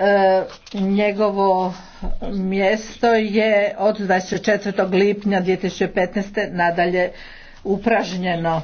E, njegovo mjesto je od 24. lipnja 2015. nadalje upražnjeno.